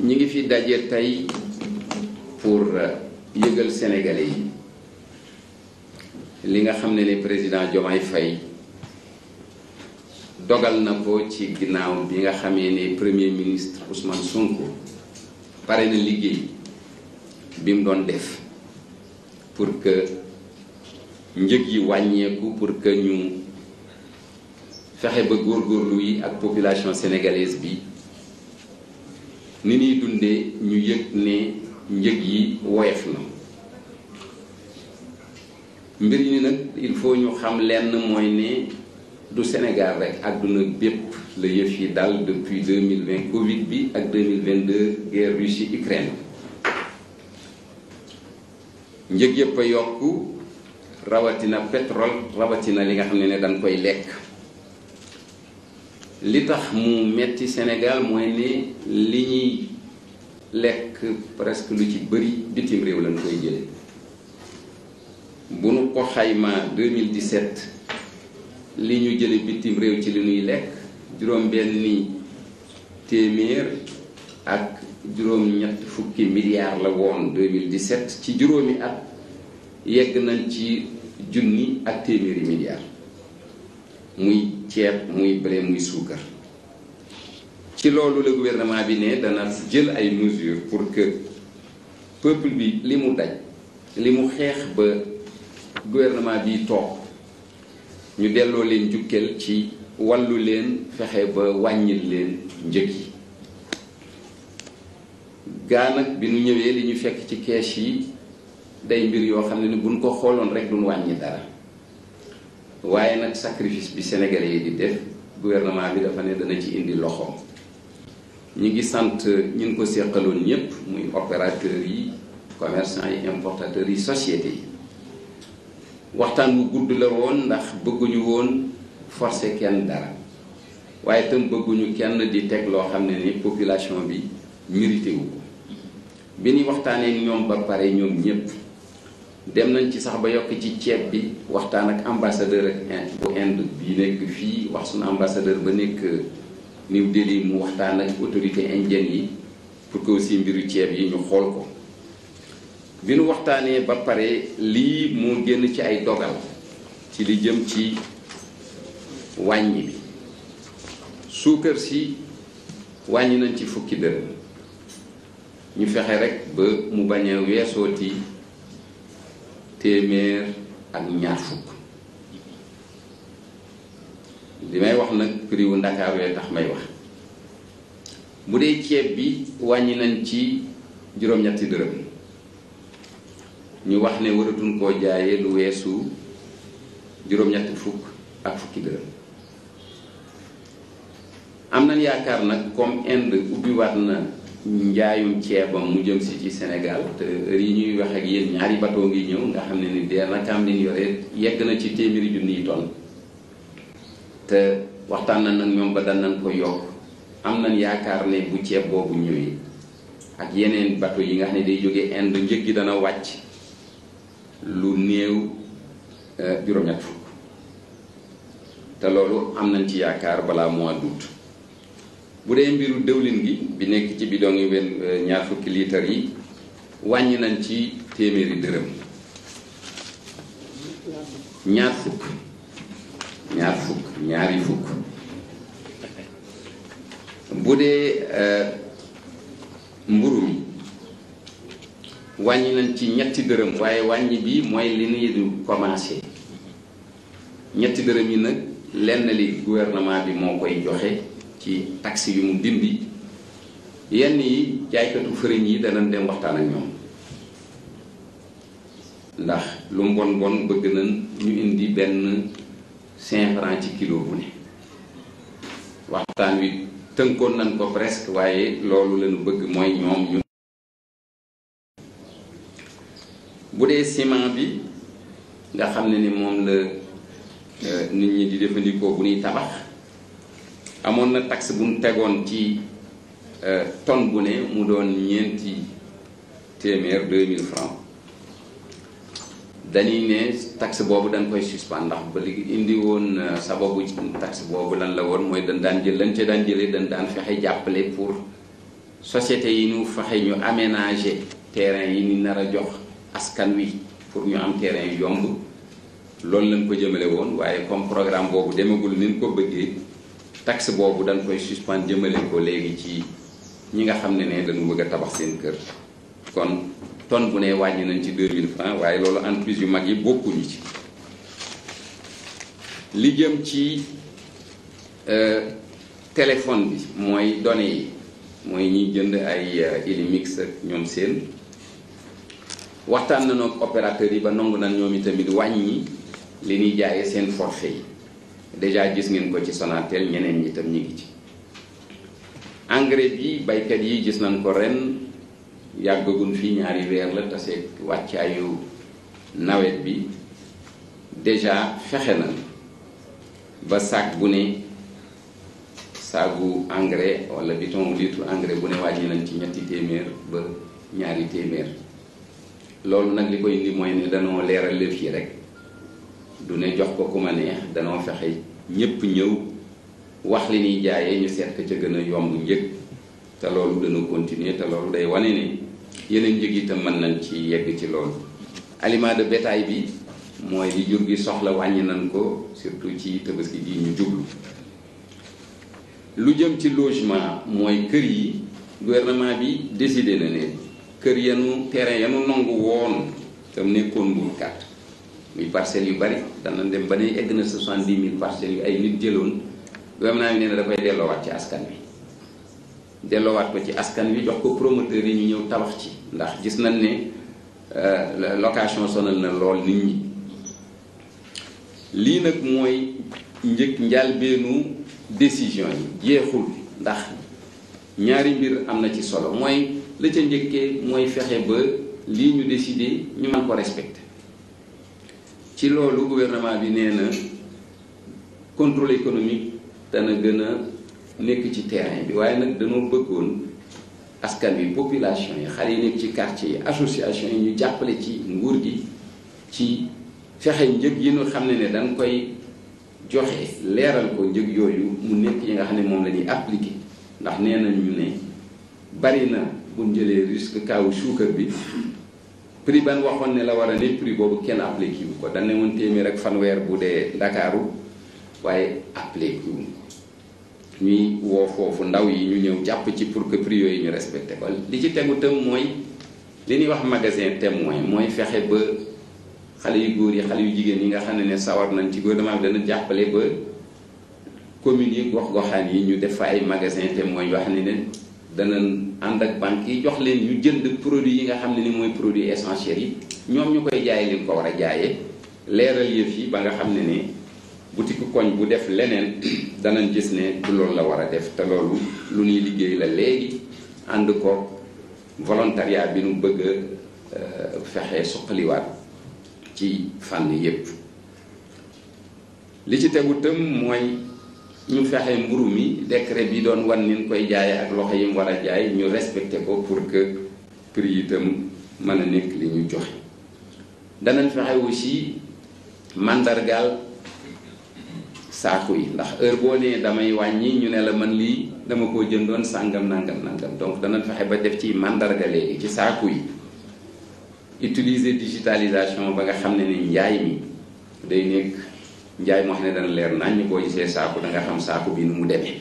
ñu ngi fi daje tey pour euh, yëgal sénégalais yi li nga xam ne ne président Diomaye Faye dogal na ko ci ginnaaw bi nga xamee ne premier ministre Ousmane Sonko pare na liggéey bi mu doon def pour que njëg yi wàññeeku pour que ñu fexe ba góorgóorlu yi ak population sénégalaise bi ni ñuy dundee ñu yëg ne njëg yi woyof na mbir yi nag il faut ñu xam lenn mooy ne du Sénégal rek àdduna bépp la yëf yi dal depuis 2020 Covid bi ak 2022 guerre Russie Ukraine njëg yëpp a yokk rawatina pétrole rawatina li nga xam ne ne dañ koy lekk li tax mu metti Sénégal mooy ne li ñuy lekk presque lu ci bëri bitim réew lañ koy jële bu nu ko xaymaa 2017 li ñu jële bitim réew ci li ñuy lekk juróom-benni téeméer ak juróom-ñett fukki milliards la woon 2017 ci juróomi at yegg nañ ci junni ak téeméeri milliards muy ceeb muy blé muy suukar ci loolu la gouvernement bi ne dana jël ay mesures pour que peuple bi li mu daj li mu xeex ba gouvernement bi toog ñu delloo leen jukkeel ci wàllu leen fexe ba wàññil leen njëg yi gaa bi nu ñëwee li ñu fekk ci kees yi day mbir yoo xam ne ni buñ ko xooloon rek duñ wàññi dara waaye nag sacrifice bi Sénégalais yi di def gouvernement bi dafa ne dana ci indi loxoom ñi ngi sant ñi ngi ko seqaloon ñëpp muy opérateurs yi commerçants yi importateurs yi sociétés yi waxtaan bu gudd la woon ndax bëgguñu woon forcer kenn dara waaye itam bëgguñu kenn di teg loo xam ne ni population bi mérité ko bi ñu waxtaanee ñoom ba pare ñoom ñëpp. dem nañ ci sax ba yokk ci ceeb bi waxtaan ak ambassadeur ak bu Inde bi nekk fii wax su na ambassadeur ba nekk New Delhi mu waxtaan ak autorité indienne yi pour que aussi mbiru ceeb yi ñu xool ko bi nu waxtaanee ba pare lii moo génn ci ay dogal ci li jëm ci wàññi bi suukar si wàññi nañ ci fukki dërëm ñu fexe rek ba mu bañ a weesooti téeméer ak ñaar fukk li may wax nag prix wu Ndakaaru yee may wax bu dee ceeb bi wàññi nañ ci juróom-ñetti dërëm ñu wax ne waratuñ koo jaayee lu weesu juróom-ñetti fukk ak fukki dërëm am na yaakaar nag comme Inde ubbiwaat na njaayum ceebam mu jëm si ci Sénégal te yi ñuy wax ak yéen ñaari bateau ngi ñëw nga xam ne ni de na kam leen yegg na ci téeméeri junni yi tonn te waxtaan nañ nag ñoom ba dan nañ ko yokk am nañ yaakaar ne bu ceeb boobu ñëwee ak yeneen bateau yi nga xam ne day jóge Inde njëg gi dana wàcc lu néew euh, juróom-ñett fukk te loolu am nañ ci yaakaar balaa mois d'août bu dee mbiru dëwlin gi bi nekk ci bidon yi wenn euh, ñaar fukki liitar yi wàññi nañ ci téeméeri dërëm ñaar fukk ñaar fukk ñaari fukk bu dee euh, mburu mi wàññi nañ ci ñetti dërëm waaye wàññi bi mooy li nuy du commencé ñetti dërëm yi nag lenn li gouvernement bi moo koy joxe ci taxi yu mu dindi yenn yi jaaykatu fëriñ yi danañ dem waxtaan ak ñoom ndax lu mbon bon bëgg nañ ñu indi benn cinq ci kilo bu ne waxtaan wi tënkoon nañ ko presque waaye loolu lañu bëgg mooy ñoom ñu bu dee ciment bi nga xam ne ni moom la euh, nit ñi di jëfandikoo bu ñuy tabax amoon na taxe bu mu tegoon ci euh, tonne bu ne mu doon ñeenti téeméer deux mille francs dañuy ne taxe boobu dañ koy suspend ndax ba li indi woon euh, sababu taxe boobu lan la woon mooy dañ daan jël lañ ca daan jëlee dañ daan fexe jàppale pour société yi ñu fexe ñu aménager terrain yi ni nar a jox askan wi pour ñu am terrain yu yomb loolu lañ ko jëmale woon waaye comme programme boobu demagul ni ñu ko bëggee taxe boobu dañ koy suspendre jëmale ko léegi ci ñi nga xam ne ne dañu bëgg a tabax seen kër kon ton bu ne wàññi nañ ci 2000 francs waaye loolu entreprise yu mag yi bokkuñu ci li jëm ci euh, téléphone bi mooy données yi mooy ñiy jënd ay Illimix euh, ak ñoom seen waxtaan na ak opérateur yi ba nangu na ñoom itamit wàññi li ñuy jaayee seen forfait yi déjà gis ngeen ko ci Sonatel ñeneen ñi tam ñu ngi ci engrais bi baykat yi gis nañ ko ren yàggagun fii ñaari weer la taseeg wàccaayu nawet bi déjà fexe na ba sac bu ne saagu engrais wala biton litre engrais bu ne wàññi nañ ci ñetti téeméer ba ñaari téeméer loolu nag li ko indi mooy ne danoo leeral lëf yi rek du ne jox ko ku ma neex danoo fexe ñépp ñëw wax li ñuy jaayee ñu seet ca gën a yomb njëg te loolu dana continuer te loolu day wane ni yeneen njëg itam man nañ ci yegg ci loolu. aliment de bétail bi mooy li gi soxla wàññi nañ ko surtout ci tabaski gi ñu jublu lu jëm ci logement mooy kër yi gouvernement bi décidé na ne kër yanu terrain yanu nangu woon tam nekkoon mbul kàtt muy parcelles yu bari dana dem ba ne egg na soixante dix mille parcelles yu ay nit jëloon gouvernement naa nee na dafay delloowaat ci askan wi. dellowaat ko ci askan wi jox ko promoteur yi ñu ñëw tabax ci ndax gis nañ ne euh, location sonal na lool nit ñi lii nag mooy njëkk njàlbeenu décision yi jeexul ndax ñaari mbir am na ci solo mooy la ca njëkkee mooy fexe ba lii ñu décidé ñu mën ko respecté. ci loolu gouvernement bi nee na contrôle économique dana gën a nekk ci terrain bi waaye nag danoo bëggoon askan bi population yi xale yi nekk ci quartier yi association yi ñu jàppale ci nguur gi ci fexe njëg yi nu xam ne ne dañ koy joxe leeral ko njëg yooyu mu nekk yi nga xam ne moom lañuy ñuy appliqué ndax nee nañ ñu ne bari na bu ñu jëlee risque kaw suukar bi prix ban waxoon ne la war a ne pris boobu kenn appliqué wu ko dañ ne woon rek ak fanweer bu dee ndakaaru waaye appliqué wu ñuy woo foofu ndaw yi ñu ñëw jàpp ci pour que prix yooyu ñu respecté ko li ci tegu te mooy li ñuy wax magasin témoin mooy fexe ba xale yu góor yi xale yu jigéen yi nga xam ne ne sawar nañ ci gouvernement am dana jàppale ba communes yi gox goxaan yi ñu def ay magasin témoin yoo xam ne ne ànd ak banque yi jox leen ñu jënd produit yi nga xam ne ni mooy produit essentiel yi ñoom ñu koy jaay leen ko war a jaaye leeral yëf yi ba nga xam ne ni boutique koñ bu def leneen danañ gis ne du loolu la war a def te loolu lu ñuy liggéey la léegi ànd ko volontariat bi nu bëgg euh, fexe suqaliwaat ci fànn yépp li ci tegu tam mooy ñu fexe mburu mi décret bi doon wan nin koy jaay ak loxo yi mu war a jaay ñu respecté ko pour que prix yi itam mën a nekk li ñu joxe danañ fexe aussi mandargaal saaku yi ndax heure boo nee damay wàññi ñu ne la man lii dama koo jëndoon sàngam nangam nangam donc danañ fexe ba def ci mandarga léegi ci saaku yi utilise digitalisation ba nga xam ne ni njaay mi day nekk njaay moo ne dana leer nañ ñu boo gisee saaku da nga xam saaku bi nu mu demee